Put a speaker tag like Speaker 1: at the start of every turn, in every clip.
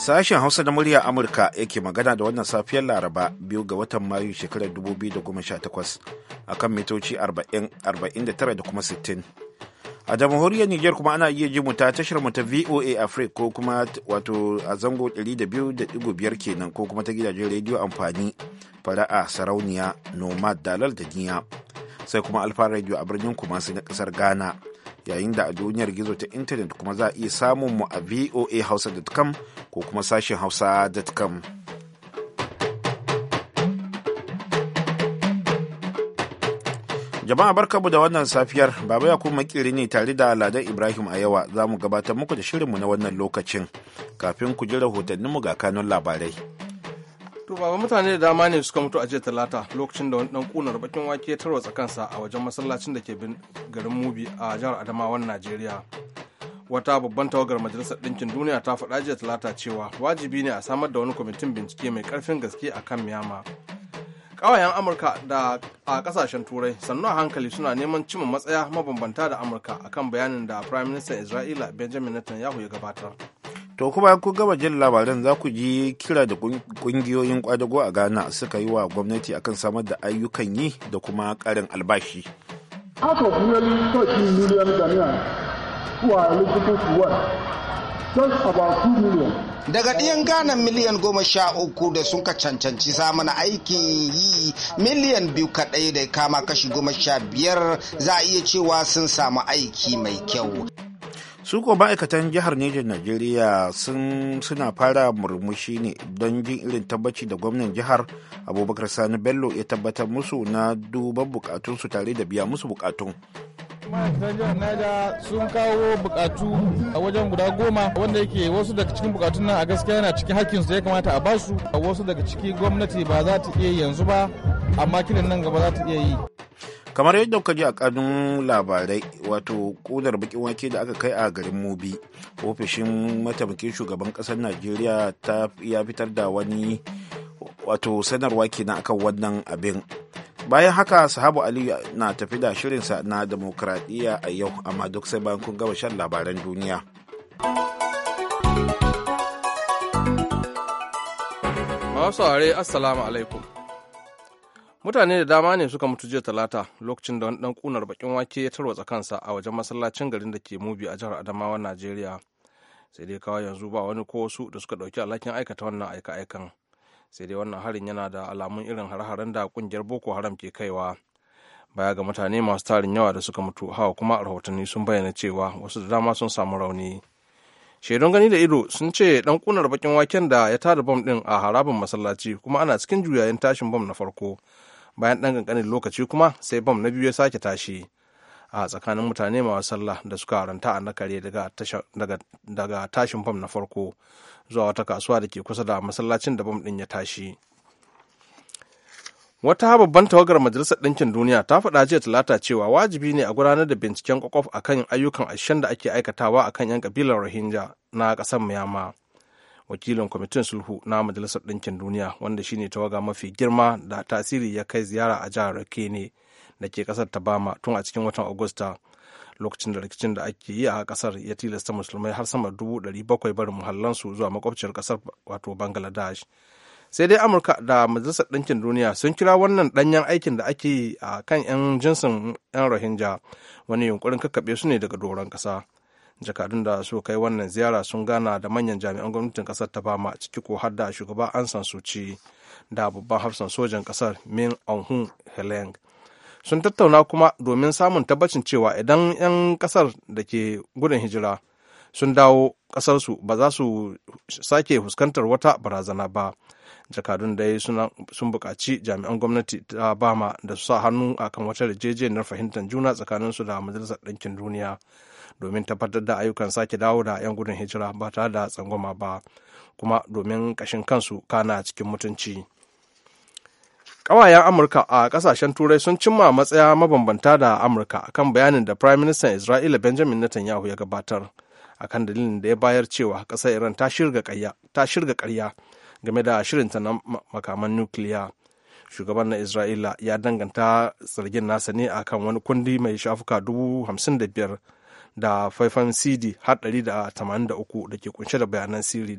Speaker 1: Sashen Hausa na murya Amurka yake magana da wannan safiyar Laraba biyu ga watan Mayu shekarar 2018 a kan mitoci 49 da kuma 60. A jamhuriyar niger kuma ana iya ji mu ta tashar mu ta VOA Africa ko kuma wato a zango 200.5 kenan ko kuma ta gidajen rediyo amfani fara'a sarauniya nomad dalal da niya sai kuma alfa radio a birnin kuma na kasar Ghana yayin da a duniyar gizo ta intanet kuma za a iya samun mu a voa hausa.com ko kuma sashen hausa.com jama'a barkamu da wannan safiyar baba ya kuma makiri ne tare da ladan ibrahim a yawa za mu gabatar muku da shirinmu na wannan lokacin kafin ku ji rahotanninmu ga kanun labarai
Speaker 2: to baba mutane da dama ne suka mutu a jiya talata lokacin da wani dan kunar bakin wake ta tarwatsa kansa a wajen masallacin da ke garin mubi a jihar adamawan najeriya wata babban tawagar majalisar ɗinkin duniya ta faɗa jiya talata cewa wajibi ne a samar da wani kwamitin bincike mai ƙarfin gaske a kan miyama ƙawayen amurka da a ƙasashen turai sannu a hankali suna neman cimma matsaya mabambanta da amurka akan bayanin da Firayim Minista isra'ila benjamin netanyahu ya gabatar
Speaker 1: To kuma ku gama jin labaran za ku ji kira da kungiyoyin kwadago a Ghana suka yi wa gwamnati akan samar da ayyukan yi da kuma karin albashi.
Speaker 3: Out of nearly 13 million Ghanaians who
Speaker 4: are eligible to work, just about 2 million daga ɗiyan Ghana miliyan goma sha uku da sun ka cancanci samun aikin yi miliyan biyu kaɗai da kama kashi goma sha biyar za a iya cewa sun samu aiki mai kyau.
Speaker 1: su ko ma'aikatan jihar Nijar Najeriya sun suna fara murmushi ne don jin irin tabbaci da gwamnan jihar Abubakar Sani Bello ya tabbatar musu na duban bukatunsu tare da biya musu bukatun.
Speaker 5: ma'aikatan jihar naija sun kawo bukatu a wajen guda goma wanda yake wasu daga cikin bukatun nan a gaskiya yana cikin hakkin su ya kamata a basu a wasu daga cikin gwamnati ba za ta iya yanzu ba amma kiran nan gaba za ta iya yi
Speaker 1: kamar yadda kuka ji a kanun labarai wato kunar bakin wake da aka kai a garin mobi ofishin mataimakin shugaban kasar najeriya ya fitar da wani wato sanarwa kenan akan wannan abin bayan haka sahabu ali na tafi da shirinsa na demokradiyya a yau amma duk sai bayan kun gaba shan
Speaker 2: labaran duniya masu are assalamu alaikum mutane da dama ne suka mutu jiya talata lokacin da wani dan kunar bakin wake ya tarwatsa kansa a wajen masallacin garin da ke mubi a jihar adamawa najeriya sai dai kawai yanzu ba wani ko wasu da suka dauki alhakin aikata wannan aika-aikan sai dai wannan harin yana da alamun irin har-haren da kungiyar boko haram ke kaiwa baya ga mutane masu tarin yawa da suka mutu hawa kuma rahotanni sun bayyana cewa wasu da dama sun samu rauni shaidun gani da ido sun ce dan kunar bakin waken da ya tada bom din a harabin masallaci kuma ana cikin juyayen tashin bom na farko bayan ɗan ƙanƙanin lokaci kuma sai bam na biyu ya sake tashi a tsakanin mutane masu sallah da suka ranta a nakare daga tashin bam na farko zuwa wata kasuwa da ke kusa da masallacin da bam ɗin ya tashi wata babban tawagar majalisar ɗinkin duniya ta faɗa jiya talata cewa wajibi ne a gudanar da binciken kwakwaf akan ayyukan ashen da ake aikatawa akan 'yan kabilar rohingya na ƙasar myanmar wakilin kwamitin sulhu na majalisar ɗinkin duniya wanda shine tawaga mafi girma da tasiri ya kai ziyara a jihar kene da ke ƙasar tabama tun a cikin watan agusta lokacin da rikicin da ake yi a ƙasar ya tilasta musulmai har sama dubu ɗari bakwai barin muhallansu zuwa makwabciyar kasar wato bangladesh sai dai amurka da majalisar ɗinkin duniya sun kira wannan ɗanyen aikin da ake yi a kan 'yan jinsin 'yan rohingya wani yunkurin kakkaɓe su ne daga doron ƙasa jakadun da su kai wannan ziyara sun gana da manyan jami'an gwamnatin kasar ta bama ciki ko har da shugaba an san suci da babban hafsan sojan kasar min aung heleng sun tattauna kuma domin samun tabbacin cewa idan 'yan kasar da ke gudun hijira sun dawo kasarsu ba za su sake fuskantar wata barazana ba jakadun dai sun bukaci jami'an gwamnati ta bama da su sa hannu akan wata yarjejeniyar fahimtar juna tsakanin su da majalisar ɗinkin duniya domin tabbatar da ayyukan sake dawo da 'yan gudun hijira ba tare da tsangwama ba kuma domin ƙashin kansu kana cikin mutunci ƙawayen amurka a ƙasashen turai sun cimma matsaya mabambanta da amurka kan bayanin da prime minister isra'ila benjamin netanyahu ya gabatar akan dalilin da ya bayar cewa ƙasar iran ta shirga karya game da shirinta na makaman nukiliya shugaban na isra'ila ya danganta zargin nasa ne kan wani kundi mai shafuka dubu hamsin da biyar da faifan cd har 183 da da ke kunshe da bayanan sirri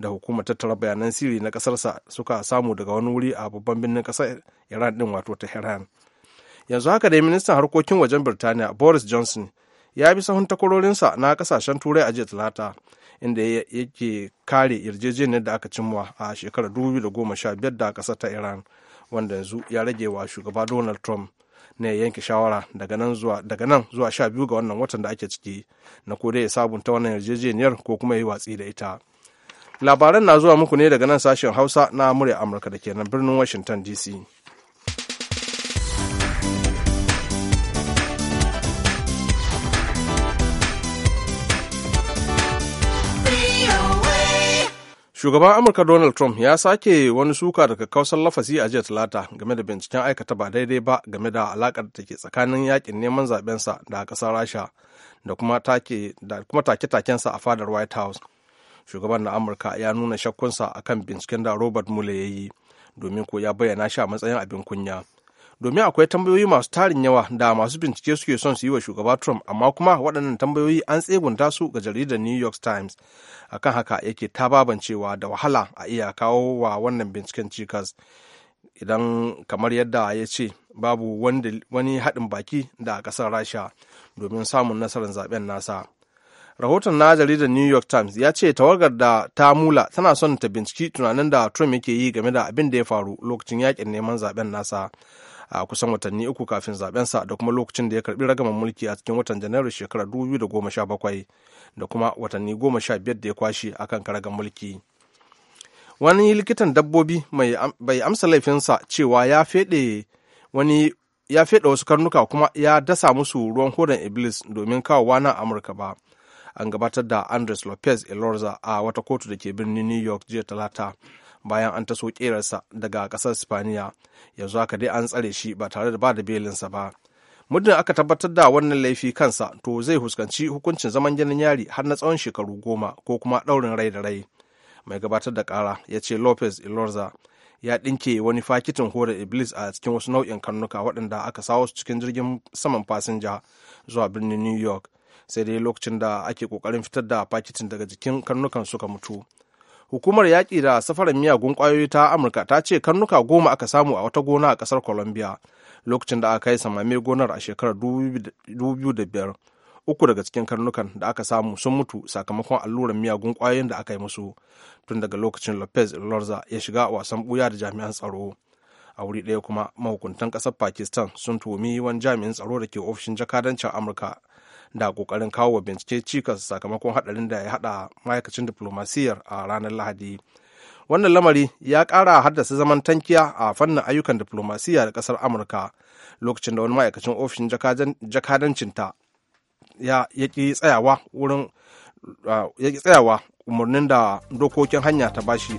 Speaker 2: da hukumar tattara bayanan sirri na kasarsa suka samu daga wani wuri a babban birnin kasar iran din wato tehran yanzu haka dai ministan harkokin wajen birtaniya boris johnson ya bi sahun takwarorinsa na kasashen turai a jiya talata inda yake kare yarjejeniyar da aka cimma a shekarar 2015 da kasar ta iran wanda yanzu ya rage wa shugaba donald trump na yanke shawara daga nan zuwa daga nan zuwa sha biyu ga wannan watan da ake ciki na ko dai ya sabunta wannan yarjejeniyar ko kuma yi watsi da ita labaran na zuwa muku ne daga nan sashen hausa na murya amurka da ke nan birnin washington dc shugaban amurka donald trump ya sake wani suka daga kausar lafasi a jiya talata game da binciken aikata ba daidai ba game da alakar da ke tsakanin yakin neman zabensa da kasar rasha da kuma take-takensa a fadar white house shugaban na amurka ya nuna shakkunsa akan binciken da robert mueller ya yi domin ko ya bayyana shi a matsayin abin kunya domin akwai tambayoyi masu tarin yawa da masu bincike suke son su yi wa shugaba Trump amma kuma waɗannan tambayoyi an tsegunta su ga jaridar New York Times akan haka yake ta babancewa da wahala a iya kawo wa wannan binciken cikas idan kamar yadda ya ce babu wani haɗin baki da ƙasar Rasha domin samun nasarar zaben nasa. rahoton na jaridar new york times ya ce tawagar da ta mula tana son ta binciki tunanin da trump yake yi game da abin da ya faru lokacin yakin neman zaben nasa a kusan watanni uku kafin zabensa da kuma lokacin da ya karbi ragaman mulki a cikin watan janairu shekarar 2017 da kuma watanni goma sha 15 da ya kwashe a kan karagan mulki wani likitan dabbobi bai amsa laifinsa cewa ya fede wani ya fede wasu karnuka kuma ya dasa musu ruwan horon iblis domin kawo wana amurka ba an gabatar da andres lopez elorza a wata kotu da ke birnin new york jiya talata bayan an taso kerarsa daga kasar spaniya yanzu haka dai an tsare shi ba tare da ba da belinsa ba muddin aka tabbatar da wannan laifi kansa to zai huskanci hukuncin zaman gidan yari har na tsawon shekaru goma ko kuma daurin rai da rai mai gabatar da kara ya ce lopez ilorza ya ɗinke wani fakitin hore iblis a cikin wasu nau'in karnuka waɗanda aka sawo su cikin jirgin saman fasinja zuwa birnin new york sai dai lokacin da ake kokarin fitar da fakitin daga jikin karnukan suka mutu hukumar yaƙi da safarar miyagun ƙwayoyi ta amurka ta ce karnuka goma aka samu a wata gona a ƙasar colombia lokacin da aka yi samame gonar a shekarar 2005 uku daga cikin karnukan da aka samu sun mutu sakamakon allurar miyagun ƙwayoyin da aka yi musu tun daga lokacin lopez lorza ya shiga wasan buya da jami'an tsaro a wuri ɗaya kuma mahukuntan ƙasar pakistan sun tuhumi wani jami'in tsaro da ke ofishin jakadancin amurka da kokarin kawo wa bincike cikas sakamakon hadarin da ya hada ma'aikacin diplomasiyar a ranar lahadi wannan lamari ya kara haddasa zaman tankiya a fannin ayyukan diplomasiyya da kasar amurka lokacin da wani ma'aikacin ofishin jakadancinta ya ƙi tsayawa umarnin da dokokin hanya ta bashi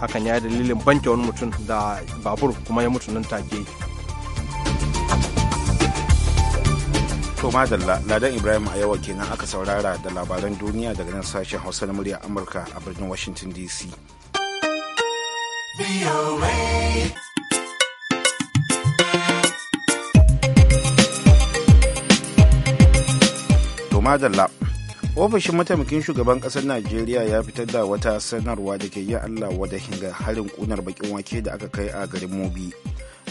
Speaker 2: hakan ya yi dalilin banke wani mutum da babur kuma ya mutu nan take To madalla Ladan Ibrahim a yawa kenan aka saurara
Speaker 1: da labaran duniya daga nan sashen Hausa na murya Amurka a birnin Washington DC. To madalla ofishin mataimakin shugaban kasar najeriya ya fitar da wata sanarwa da ke yi allah wada hinga harin kunar bakin wake da aka kai a garin mobi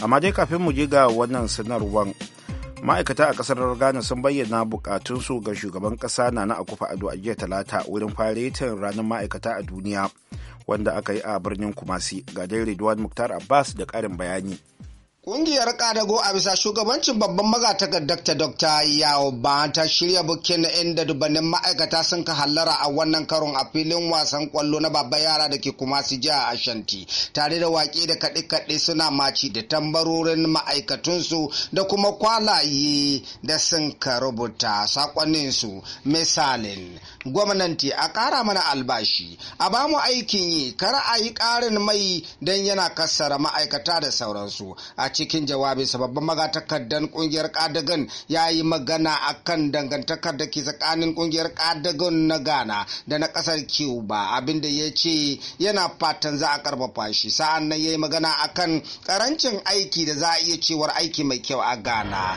Speaker 1: amma dai kafin mu je ga wannan sanarwar ma'aikata a kasar ghana sun bayyana bukatunsu ga shugaban kasa na na akufa ado a jiya talata wurin faretin ranar ma'aikata a duniya wanda aka yi a birnin kumasi ga dai ridwan muktar abbas da karin bayani
Speaker 4: Ƙungiyar ƙadago a bisa shugabancin babban magatakar ta Dr. Yawo ba ta shirya bukin inda dubannin ma'aikata sun ka hallara a wannan karon a filin wasan kwallo na babban yara da ke kuma su jiya a Shanti tare da waƙe da kaɗe-kaɗe suna maci da tambarorin ma'aikatunsu da kuma kwalaye da sun ka rubuta su misalin gwamnati a ƙara mana albashi a ba mu aikin yi kar a yi ƙarin mai don yana kassara ma'aikata da sauransu cikin jawabinsa babban magatakardan kungiyar kadagan ya yi magana a kan dangantakar da ke tsakanin kungiyar kadagan na ghana da na kasar cuba abinda ya ce yana fatan za a karfafa shi sa'an nan ya yi magana a kan karancin aiki da za a iya cewar aiki mai kyau a ghana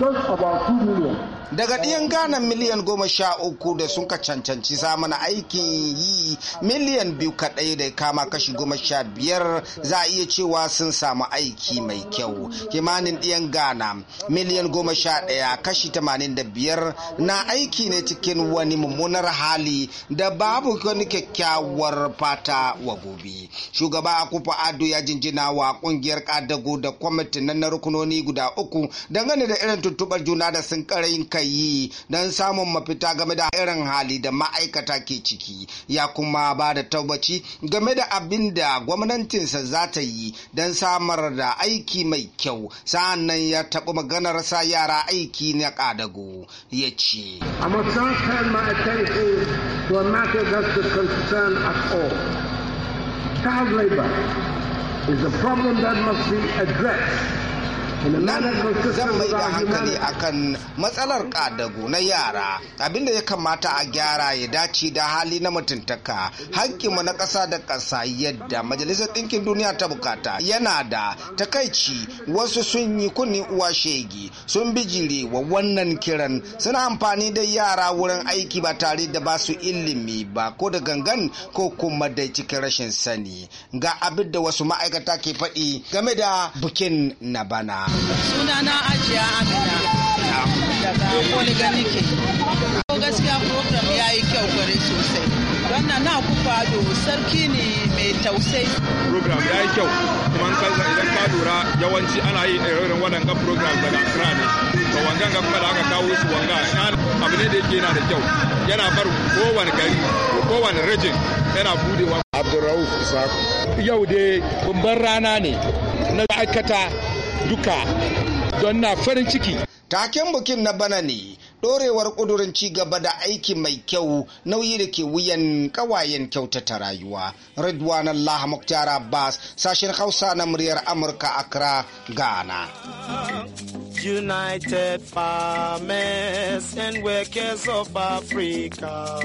Speaker 4: Just about 2 million daga ɗiyan ghana miliyan goma sha uku da sun ka cancanci samun aikin yi miliyan biyu kaɗai da kama kashi goma sha biyar za a iya cewa sun samu aiki mai kyau kimanin ɗiyan ghana miliyan goma sha ɗaya kashi tamanin da biyar na aiki ne cikin wani mummunar hali da babu wani kyakkyawar fata wa gobe shugaba akufa ado ya jinjina wa kungiyar kadago da kwamitin na rukunoni guda uku dangane da irin tuntuɓar juna da sun karayin kai yi don samun mafita game da irin hali da ma'aikata ke ciki ya kuma ba da tabbaci game da abin da gwamnatinsa za ta yi don samar da aiki mai kyau sa'annan ya taɓa maganar sa yara aiki na ƙadago ya ce to a matter Child labor is a problem that must be addressed zan mai da hankali akan matsalar ƙadago na yara abinda ya kamata a gyara ya dace da hali na mutuntaka hankinmu na ƙasa da ƙasa yadda majalisar ɗinkin duniya ta bukata yana da takaici wasu sun yi kunni uwa shege sun bijire wa wannan kiran suna amfani da yara wurin aiki ba tare da ba su ilimi ba ko da gangan ko kuma da cikin rashin sani ga abin da wasu ma'aikata ke faɗi game da bukin na bana.
Speaker 5: Suna na ajiya amina
Speaker 6: daga koliga
Speaker 5: ko gaskiya program ya yi kyau gari sosai wannan na fado sarki ne mai tausai program ya yi kyau kuma an idan ka lura yawanci ana yi irin waɗanga program daga Accra ne to ga kuma da aka kawo su wanga abu ne da yake yana da kyau yana bar kowane gari kowane rijin yana budewa abdurrahu isaaku yau dai babban rana ne na aikata duka don
Speaker 4: na farin ciki taken bukin na bana ne ɗorewar ƙudurin ci gaba da aiki mai kyau nauyi da ke wuyan ƙawayen kyautata rayuwa ridwan allah muktar abbas sashen hausa na muryar amurka accra ghana
Speaker 1: United farmers and workers of Africa,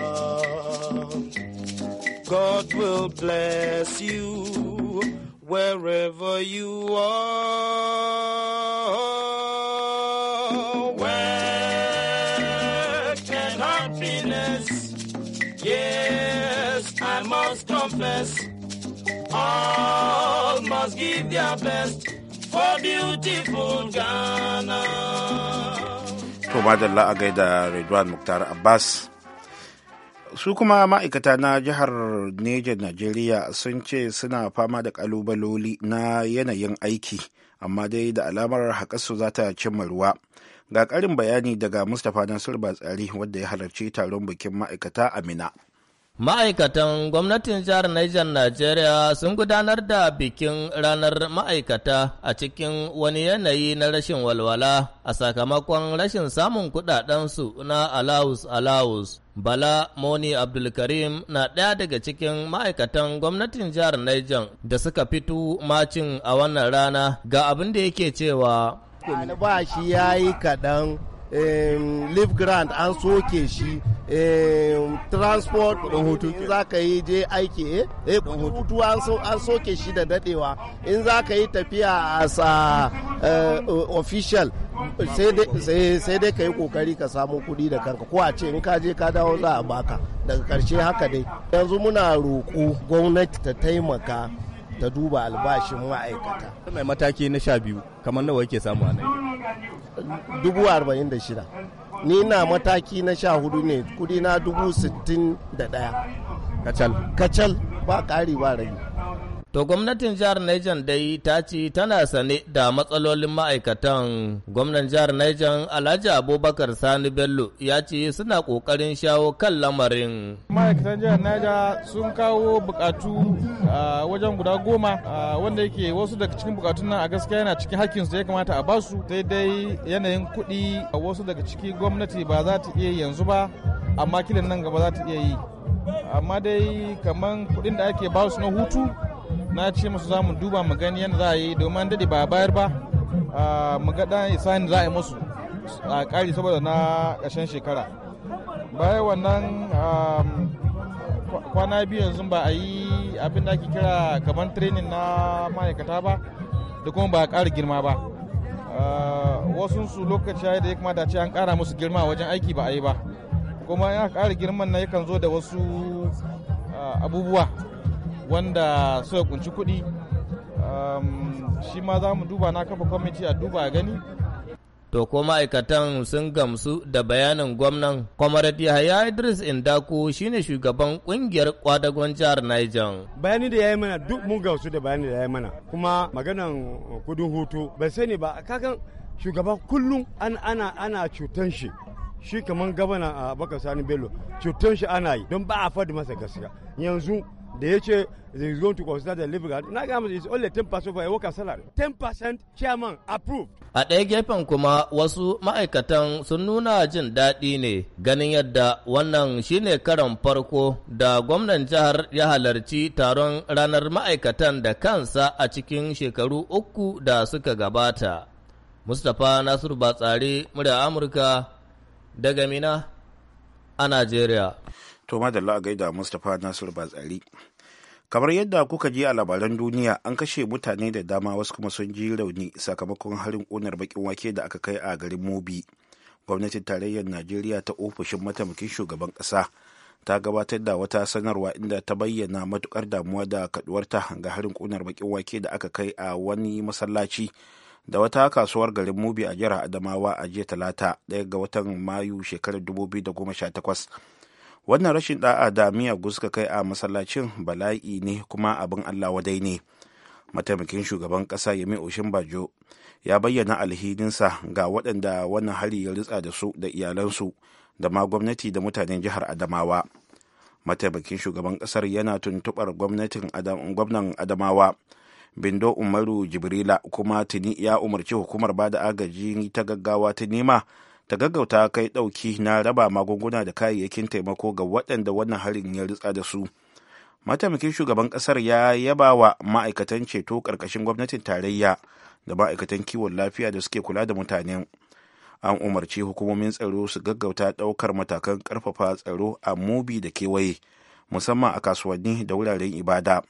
Speaker 1: God will bless you. wherever you are. Work and happiness,
Speaker 6: yes, I must confess.
Speaker 7: All must give their best for beautiful Ghana.
Speaker 1: To madalla a gaida Redwan Mukhtar Abbas. su kuma ma'aikata na jihar Neja Najeriya sun ce suna fama da ƙalubaloli na yanayin aiki amma dai da alamar haƙasu za ta cimma ruwa ga ƙarin bayani daga mustapha nasiru batsari wadda ya halarci taron bikin ma'aikata a Minna.
Speaker 7: Ma'aikatan gwamnatin jihar Niger Najeriya sun gudanar da bikin ranar ma'aikata a cikin wani yanayi na rashin walwala a sakamakon rashin samun kudadensu na alaus alawus. Bala Moni Abdulkarim na ɗaya daga cikin ma'aikatan gwamnatin jihar Niger da suka fito macin a wannan rana ga abin da yake cewa. Albashi
Speaker 4: ya yi kaɗan live grant an soke shi transport in za ka yi je aiki eh, eh hutu an soke shi da dadewa in za ka yi tafiya as a eh, official sai dai ka yi kokari ka samu kuɗi da kanka ko a ce in ka je ka dawo za a baka daga karshe haka dai yanzu muna roƙo gwamnati ta taimaka ta duba albashin ma'aikata mai mataki na sha biyu kamar nawa yake samu a
Speaker 2: nan
Speaker 6: dubu
Speaker 4: arba'in da shida ni na mataki na sha hudu ne kudi na dubu
Speaker 7: sittin da kacal kacal ba kari ba rage To gwamnatin jihar Niger dai ta ce tana sane da matsalolin ma'aikatan. Gwamnan jihar Niger Alhaji Abubakar Sani Bello ya ce suna ƙoƙarin shawo kan lamarin.
Speaker 5: Ma'aikatan jihar Niger sun kawo bukatu wajen guda goma wanda yake wasu daga cikin bukatun nan a gaskiya yana cikin hakkin su ya kamata a basu sai dai yanayin kuɗi wasu daga ciki gwamnati ba za ta iya yanzu ba amma kilin nan gaba za ta iya yi. Amma dai kaman kuɗin da ake basu na hutu na ce musu za mu duba mu gani yadda za a yi domin an dade ba bayar ba ah, mu ga dan isani za a yi musu a kari saboda na ƙarshen shekara bayan wannan kwana biyu yanzu ba a yi abin da ake kira kamar trenin na ma'aikata ba da kuma ba a ƙara girma ba ah, wasu su lokaci ya da ya kamata ce an ƙara musu girma wajen aiki ba a yi ba kuma ya ƙara girman na yakan zo da wasu ah, abubuwa wanda suka kunci kuɗi um, shi ma za mu duba na kafa kwamiti a duba a gani
Speaker 7: to ko ma'aikatan sun gamsu da bayanin gwamnan comrade yahaya idris indaku shine shugaban kungiyar kwadagon jihar niger bayani da ya yi mana duk mun
Speaker 1: gamsu da bayani da ya yi mana kuma maganan uh, kudin hutu bai sani ba kakan shugaban kullum an ana ana cutan shi shi kamar gabana uh, a baka sani bello cutan shi ana yi don ba a faɗi masa gaskiya yanzu da ya ce they is going to consider the living guard na gama is only 10% for a worker salary 10% chairman approved
Speaker 7: a ɗaya gefen kuma wasu ma'aikatan sun nuna jin daɗi ne ganin yadda wannan shine karon farko da gwamnan jihar ya halarci taron ranar ma'aikatan da kansa a cikin shekaru uku da suka gabata mustapha nasiru batsari murya amurka daga mina a najeriya to madalla a gaida mustapha nasiru batsari kamar yadda kuka ji a labaran
Speaker 1: duniya an kashe mutane da dama wasu kuma sun ji rauni sakamakon harin ƙunar bakin wake da aka kai a garin mobi gwamnatin tarayyar najeriya ta ofishin mataimakin shugaban ƙasa ta gabatar da wata sanarwa inda ta bayyana matukar damuwa da kaduwarta ga harin ƙunar bakin wake da aka kai a wani masallaci da wata kasuwar garin mubi a jihar adamawa a jiya talata ɗaya ga watan mayu shekarar 2018 wannan rashin da'a da miya suka kai a masallacin bala'i ne kuma abin allah wadai ne mataimakin shugaban kasa yami oshin bajo ya bayyana alhininsa ga waɗanda wannan hari ya ritsa da su da iyalansu da ma gwamnati da mutanen jihar adamawa mataimakin shugaban kasar yana tuntubar gwamnatin gwamnan adamawa bindo umaru jibrila kuma tuni ya umarci hukumar ba da agaji ta gaggawa ta nema ta gaggauta kai ɗauki na raba magunguna da kayayyakin taimako ga waɗanda wannan harin ya ritsa da su mataimakin shugaban ƙasar ya yaba wa ma'aikatan ceto ƙarƙashin gwamnatin tarayya da ma'aikatan kiwon lafiya da suke kula da mutane an umarci hukumomin tsaro su gaggauta ɗaukar matakan ƙarfafa tsaro a mubi da kewaye musamman a kasuwanni da wuraren ibada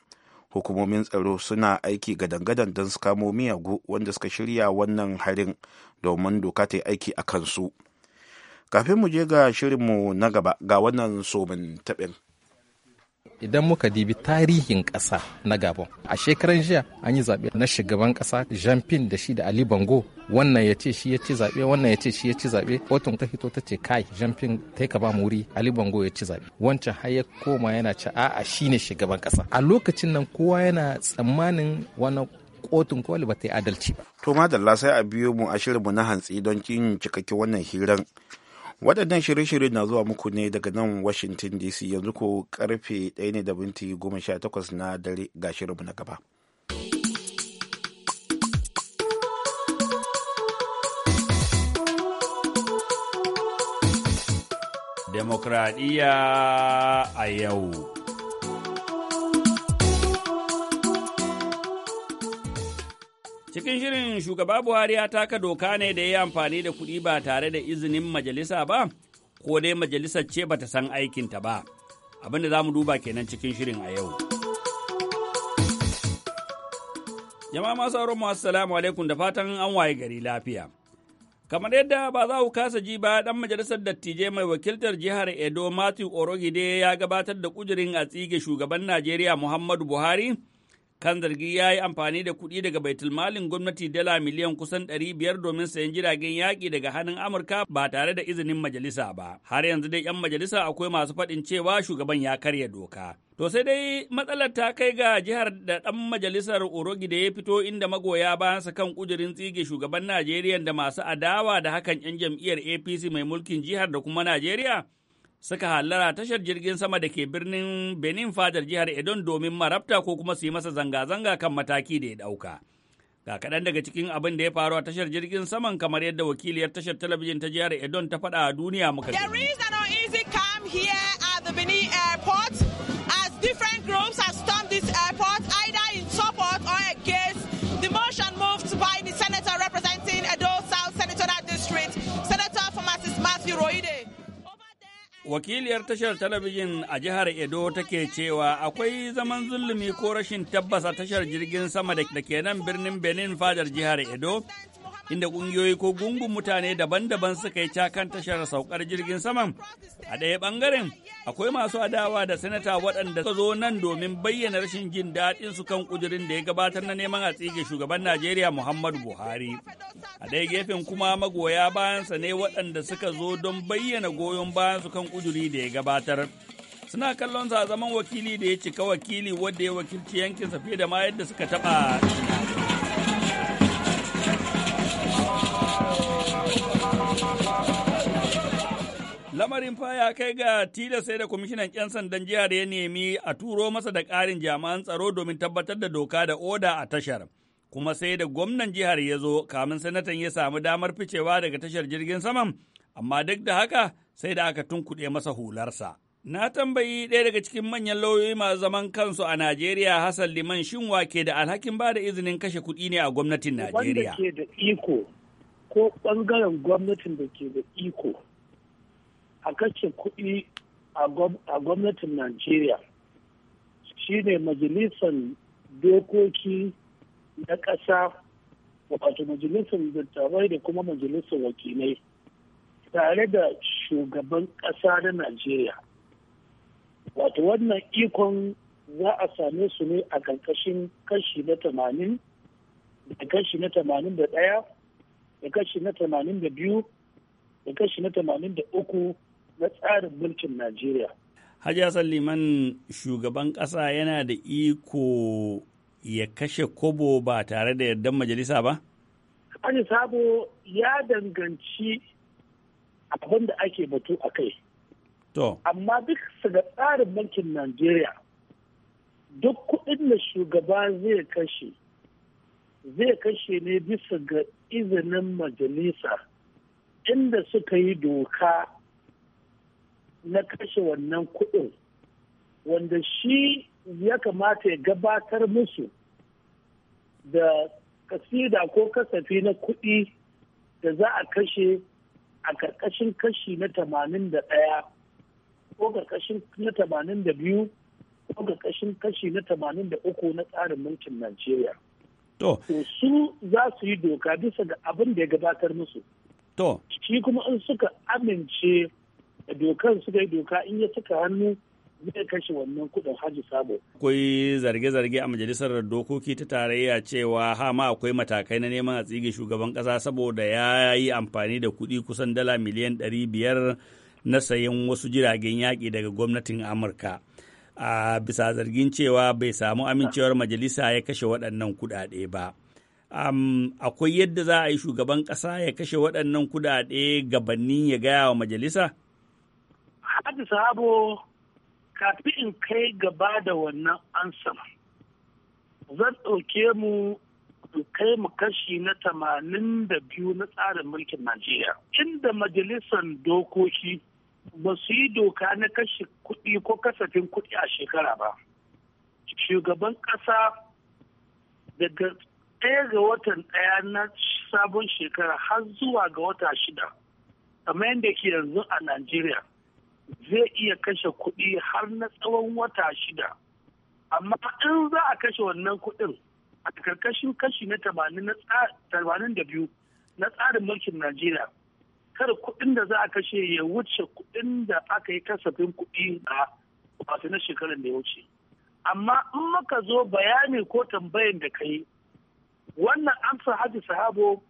Speaker 1: hukumomin tsaro suna aiki gadan-gadan don su kamo miyagu wanda suka shirya wannan harin domin doka ta yi aiki a kansu kafin mu je ga shirinmu na gaba ga wannan
Speaker 5: somin taɓin idan muka dibi tarihin ƙasa na gabon a shekaran jiya an yi zaɓe na shugaban ƙasa jean pin da shi da ali bango wannan ya ce shi ya ci zaɓe wannan ya ce shi ya ci zaɓe otun ta hito ta ce kai jean pin ta ka kaba muri wuri ali bango ya ci zaɓe wancan har ya koma yana ce a'a shi ne shugaban ƙasa a lokacin nan kowa yana tsammanin wani kotun koli ba ta yi adalci ba.
Speaker 1: To madalla sai a biyo mu a shirinmu na hantsi don kin cikakki wannan hiran. Waɗannan shirye-shirye na zuwa muku ne daga nan Washington DC yanzu ko karfe ɗaya ne da minti goma na dare ga shirinmu na gaba.
Speaker 6: Demokradiyya a yau. Cikin shirin shugaba Buhari ya taka doka ne da ya yi amfani da kuɗi ba tare da izinin majalisa ba, ko dai majalisar ce bata san aikinta ba. Abin da za mu duba kenan cikin shirin a yau. Jama'a masu auren mu as-salamu alaikum da fatan an waye gari lafiya. Kamar yadda ba za ku kasa ji ba ɗan majalisar dattijai mai wakiltar jihar Edo Matthew Orogide ya gabatar da kujirin a tsige shugaban Najeriya Muhammadu Buhari kan zargi ya yi amfani da kuɗi daga baitulmalin gwamnati dala miliyan kusan ɗari biyar domin sayan jiragen yaƙi daga hannun Amurka ba tare da izinin majalisa ba. Har yanzu dai 'yan majalisa akwai masu faɗin cewa shugaban ya karya doka. To sai dai matsalar ta kai ga jihar da ɗan majalisar Orogi da ya fito inda magoya bayansa kan kujerin tsige shugaban Najeriya da masu adawa da hakan 'yan jam'iyyar APC mai mulkin jihar da kuma Najeriya suka hallara tashar jirgin sama da ke birnin Benin fadar jihar Edon domin marabta ko kuma su yi masa zanga-zanga kan mataki da ya ɗauka. Ga kaɗan daga cikin abin da ya faru a tashar jirgin saman kamar yadda wakiliyar tashar talabijin ta jihar Edon ta faɗa a duniya muka. Wakiliyar tashar talabijin a jihar Edo take cewa akwai zaman zulumi ko rashin tabbasa tashar jirgin sama da ke nan birnin Benin fadar jihar Edo inda ƙungiyoyi ko gungun mutane daban-daban suka yi cakan tashar saukar jirgin saman. A ɗaya ɓangaren, akwai masu adawa da sanata waɗanda suka zo nan domin bayyana rashin jin daɗin su kan ƙudurin da ya gabatar na neman a tsige shugaban Najeriya Muhammadu Buhari. A ɗaya gefen kuma magoya bayansa ne waɗanda suka zo don bayyana goyon bayan su kan ƙuduri da ya gabatar. Suna kallon sa zaman wakili da ya cika wakili wadda ya wakilci yankinsa fiye da ma yadda suka taɓa. Lamarin fa ya kai ga tilas sai da kwamishinan 'yan sandan jihar ya nemi a turo masa da ƙarin jami'an tsaro domin tabbatar da doka da oda a tashar. Kuma sai da gwamnan jihar ya zo kamin sanatan ya samu damar ficewa daga tashar jirgin saman, amma duk da haka sai da aka tunkuɗe masa hularsa. Na tambayi ɗaya daga cikin manyan lauyoyi masu zaman kansu a Najeriya Hassan Liman Shinwa ke da alhakin ba da izinin kashe kuɗi ne a gwamnatin Najeriya. Wanda ke da
Speaker 3: iko ko ɓangaren gwamnatin da ke da iko a kashe kuɗi a gwamnatin najeriya shine majalisar dokoki na ƙasa wato majalisar dattawai da kuma majalisar wakilai tare da shugaban ƙasa na najeriya wato wannan ikon za a same su ne a ƙarƙashin kashi na tamanin da kashi na tamanin da ɗaya da kashi na tamanin da biyu da kashi na tamanin da uku na tsarin mulkin Najeriya.
Speaker 6: Hajji Hassan Liman shugaban ƙasa yana da iko ya kashe kobo ba tare da yardan majalisa ba?
Speaker 3: Hajji Sabo ya danganci abin da ake batu a kai. To. Amma duk su ga tsarin mulkin Najeriya duk kuɗin da shugaba zai kashe zai kashe ne bisa ga izinin majalisa inda suka yi doka na kashe wannan kuɗin wanda shi ya kamata ya gabatar musu da kasida ko kasafi na kuɗi da za a kashe a ƙarƙashin kashi na tamanin da ɗaya ko ƙarƙashin na tamanin da biyu ko ƙarƙashin kashi na tamanin da uku na tsarin mulkin Najeriya. To. su za su yi doka bisa ga abin da ya gabatar musu. To. Shi kuma in suka amince da dokar suka yi doka in ya cika hannu zai kashe wannan kudin haji sabo.
Speaker 6: Akwai zarge-zarge a majalisar dokoki ta tarayya cewa hama akwai matakai na neman a tsige shugaban kasa saboda ya yi amfani da kuɗi kusan dala miliyan ɗari biyar na sayan wasu jiragen yaƙi daga gwamnatin Amurka. A bisa zargin cewa bai samu amincewar majalisa ya kashe waɗannan kuɗaɗe ba. Um, akwai yadda za a yi shugaban ƙasa ya kashe waɗannan kuɗaɗe gabanin ya gaya wa majalisa?
Speaker 3: Hadi sabo kafin in kai gaba da wannan ansar zan ɗauke mu in kai mu kashi na tamanin da biyu na tsarin mulkin Najeriya. Inda majalisar dokoki ba su yi doka na kashe kuɗi ko kasafin kuɗi a shekara ba. Shugaban ƙasa daga ɗaya ga watan ɗaya na sabon shekara har zuwa ga wata shida, kamar yadda ke yanzu a Najeriya. zai iya kashe kuɗi har na tsawon wata shida amma in za a kashe wannan kuɗin a karkashin kashi na tamanin da biyu na tsarin mulkin najeriya kar kuɗin da za a kashe ya wuce kuɗin da aka yi kasafin kuɗi a wasu na shekarar da ya wuce amma in maka zo bayani ko tambayan da ka yi wannan amsa haji sahabo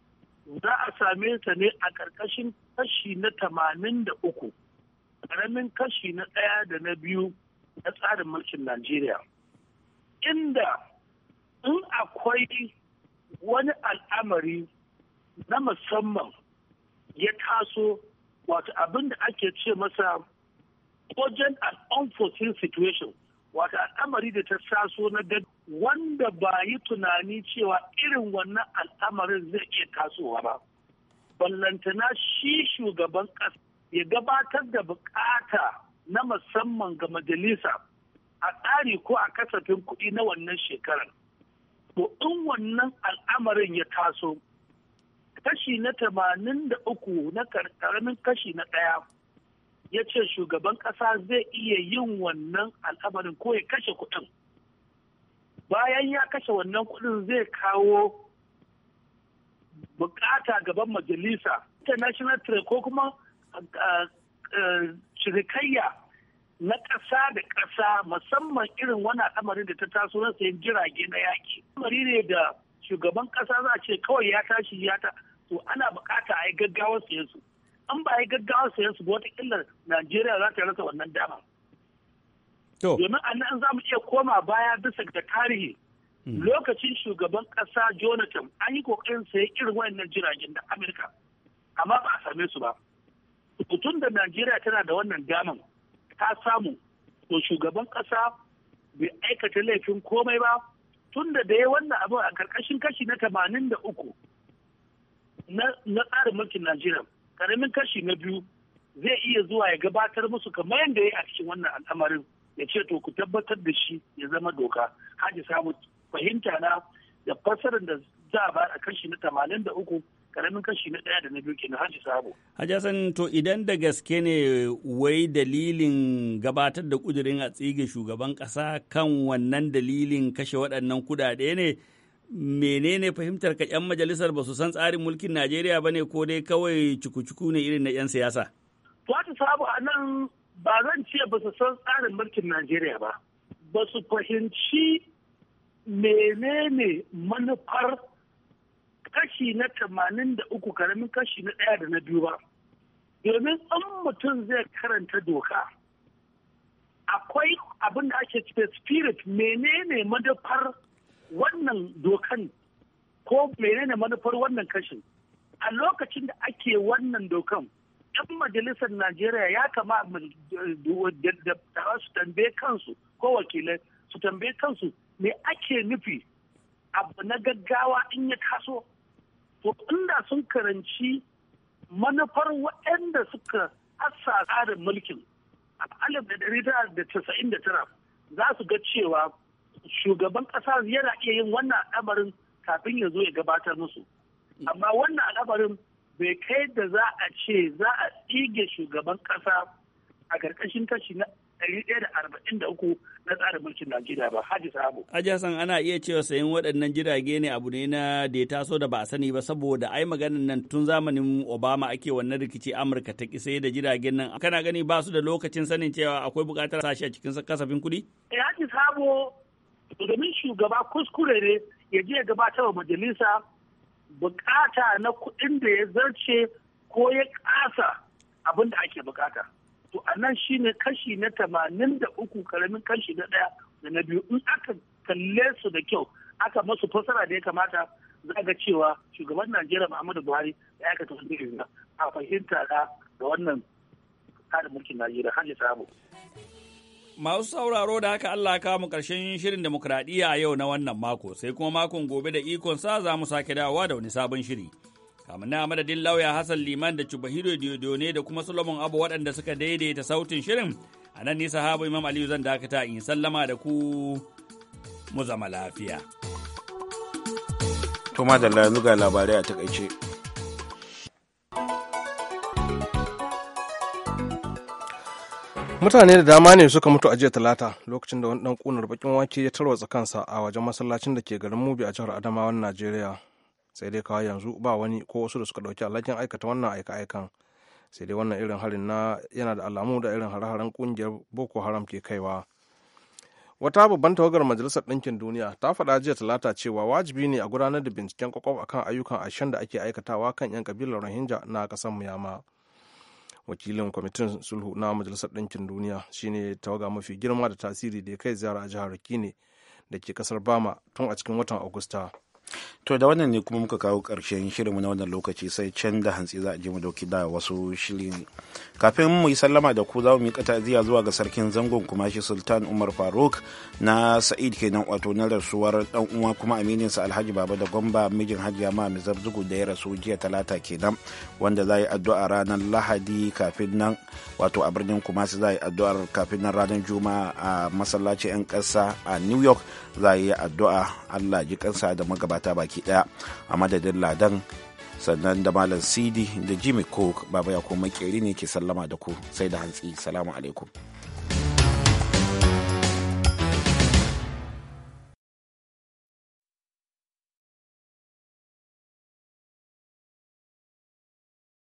Speaker 3: za a same ta ne a ƙarƙashin kashi na tamanin da uku karamin kashi na ɗaya da na biyu na tsarin mulkin Najeriya. Inda in akwai wani al'amari na musamman ya taso wato abin da ake ce masa urgent and unforeseen situation wato al'amari da ta taso na gani wanda ba yi tunani cewa irin wannan al'amarin zai iya tasowa ba. Ballantana shi shugaban ƙasa ya gabatar da bukata na musamman ga majalisa a tsari ko a kasafin kuɗi na wannan shekarar. To in wannan al'amarin ya taso, kashi na tamanin da uku na karkarin kashi na ɗaya ya ce shugaban ƙasa zai iya yin wannan al'amarin ko ya kashe kuɗin. Bayan ya kashe wannan kuɗin zai kawo bukata gaban majalisa, international trade ko kuma cinikayya na ƙasa da ƙasa musamman irin wani al'amarin da ta taso na sayan jirage na yaki. Al'amari ne da shugaban ƙasa za a ce kawai ya tashi ya ta to ana buƙata a yi gaggawar sayan su. An ba a yi gaggawar sayan su wata illar Najeriya za ta rasa wannan dama. Domin a nan za mu iya koma baya bisa da tarihi. Hmm. Lokacin shugaban ƙasa Jonathan an yi ƙoƙarin sayan irin wayannan jiragen da Amurka amma ba a same su ba. tun da najeriya tana da wannan daman ta samu to shugaban ƙasa bai aikata laifin komai ba tun da dai wannan abu a karkashin kashi na tamanin da uku na tsarin mulkin najeriya karamin kashi na biyu zai iya zuwa ya gabatar musu kamar yadda ya yi a cikin wannan al'amarin ya ce to ku tabbatar da shi ya zama doka haji samu fahimta na da fassarar da za a ba a kashi na tamanin da uku karamin kashi na ɗaya da na biyu kenan haji
Speaker 6: sabo. Hajjasan to idan da gaske ne wai dalilin gabatar da kudirin a tsige shugaban kasa kan wannan dalilin kashe waɗannan kuɗaɗe ne menene fahimtar ka 'yan majalisar ba su san tsarin mulkin Najeriya ba ne ko dai kawai cuku-cuku ne irin na 'yan siyasa?
Speaker 3: Wata sabu a nan ba zan ce ba su san tsarin mulkin Najeriya ba. Ba su fahimci menene manufar kashi na tamanin da uku karamin kashi na ɗaya da na biyu ba domin an mutum zai karanta doka akwai abin da ake ce spirit menene madafar wannan dokan ko menene manufar wannan kashin a lokacin da ake wannan dokan yan majalisar najeriya ya kama da su tambaye kansu ko wakilai su tambaye kansu me ake nufi abu na gaggawa in ya taso to inda sun karanci manufar waɗanda suka hassa tsarin mulkin a alif da dari tara da casa'in da tara za su ga cewa shugaban ƙasa yana iya yin wannan al'amarin kafin ya zo ya gabatar musu amma wannan al'amarin bai kai da za a ce za a tsige shugaban ƙasa a ƙarƙashin kashi na 143 da arba'in na tsarin mulkin Najeriya ba Haji Sabo.
Speaker 6: Haji Hassan ana iya cewa sayan waɗannan jirage ne abu ne na da ya taso da ba a sani ba saboda ai maganan nan tun zamanin Obama ake wannan rikici Amurka ta ki sai da jiragen nan kana gani ba su da lokacin sanin cewa akwai buƙatar sashi a cikin kasafin kuɗi?
Speaker 3: Eh Haji Sabo domin shugaba kuskure ne ya je gabatar wa majalisa bukata na kuɗin da ya zarce ko ya ƙasa abin da ake bukata. to a nan ne kashi na tamanin da uku karamin kashi na ɗaya da na biyu in aka kalle su da kyau aka masu fasara da ya kamata za ga cewa shugaban najeriya muhammadu buhari ya aikata wani a fahimta da wannan tsarin mulkin najeriya hali samu.
Speaker 6: Masu sauraro da haka Allah ka mu karshen shirin demokradiyya yau na wannan mako, sai kuma makon gobe da ikon sa za mu sake dawowa da wani sabon shiri. Kamuna madadin lauya Hassan Liman da Chubahiro ne da kuma Solomon Abu waɗanda suka daidaita sautin shirin. A nan nisa habu Imam Aliyu zan dakata in sallama da ku mu zama lafiya.
Speaker 1: Toma da lanuga labarai a takaice.
Speaker 2: Mutane da dama ne suka mutu a jiya talata lokacin da wani dan kunar bakin wake ya tarwatsa kansa a wajen masallacin da ke garin Mubi a jihar Adamawan Najeriya sai dai kawai yanzu ba wani ko wasu da suka ɗauki alhakin aikata wannan aika-aikan sai dai wannan irin harin na yana da alamu da irin hare-haren ƙungiyar boko haram ke kaiwa wata babban tawagar majalisar ɗinkin duniya ta faɗa jiya talata cewa wajibi ne a gudanar da binciken kwakwaf akan ayyukan ashen da ake aikatawa kan 'yan kabilar rohingya na ƙasar yama wakilin kwamitin sulhu na majalisar ɗinkin duniya shine tawaga mafi girma da tasiri da ya kai ziyara a jihar kine da ke kasar bama tun a cikin watan agusta
Speaker 1: To da wannan ne kuma muka kawo ƙarshen shirin na wannan lokaci sai can da hantsi za a je mu dauki da wasu shirin. Kafin mu yi sallama da ku za mu yi ziya zuwa ga sarkin zangon kuma shi Sultan Umar Faruk na Sa'id kenan wato na rasuwar dan uwa kuma aminin sa Alhaji Baba da Gomba mijin Hajiya ma zabzugu da ya rasu jiya Talata kenan wanda za a yi addu'a ranar Lahadi kafin nan wato a birnin Kumasi za a yi addu'ar kafin nan ranar Juma'a a masallacin 'yan ƙasa a New York za a yi addu'a allah ji kansa da magabata baki daya a madadin ladan sannan da malam sidi da jimmy cook baba ya kuma ne ke sallama da ku sai da hantsi salamu alaikum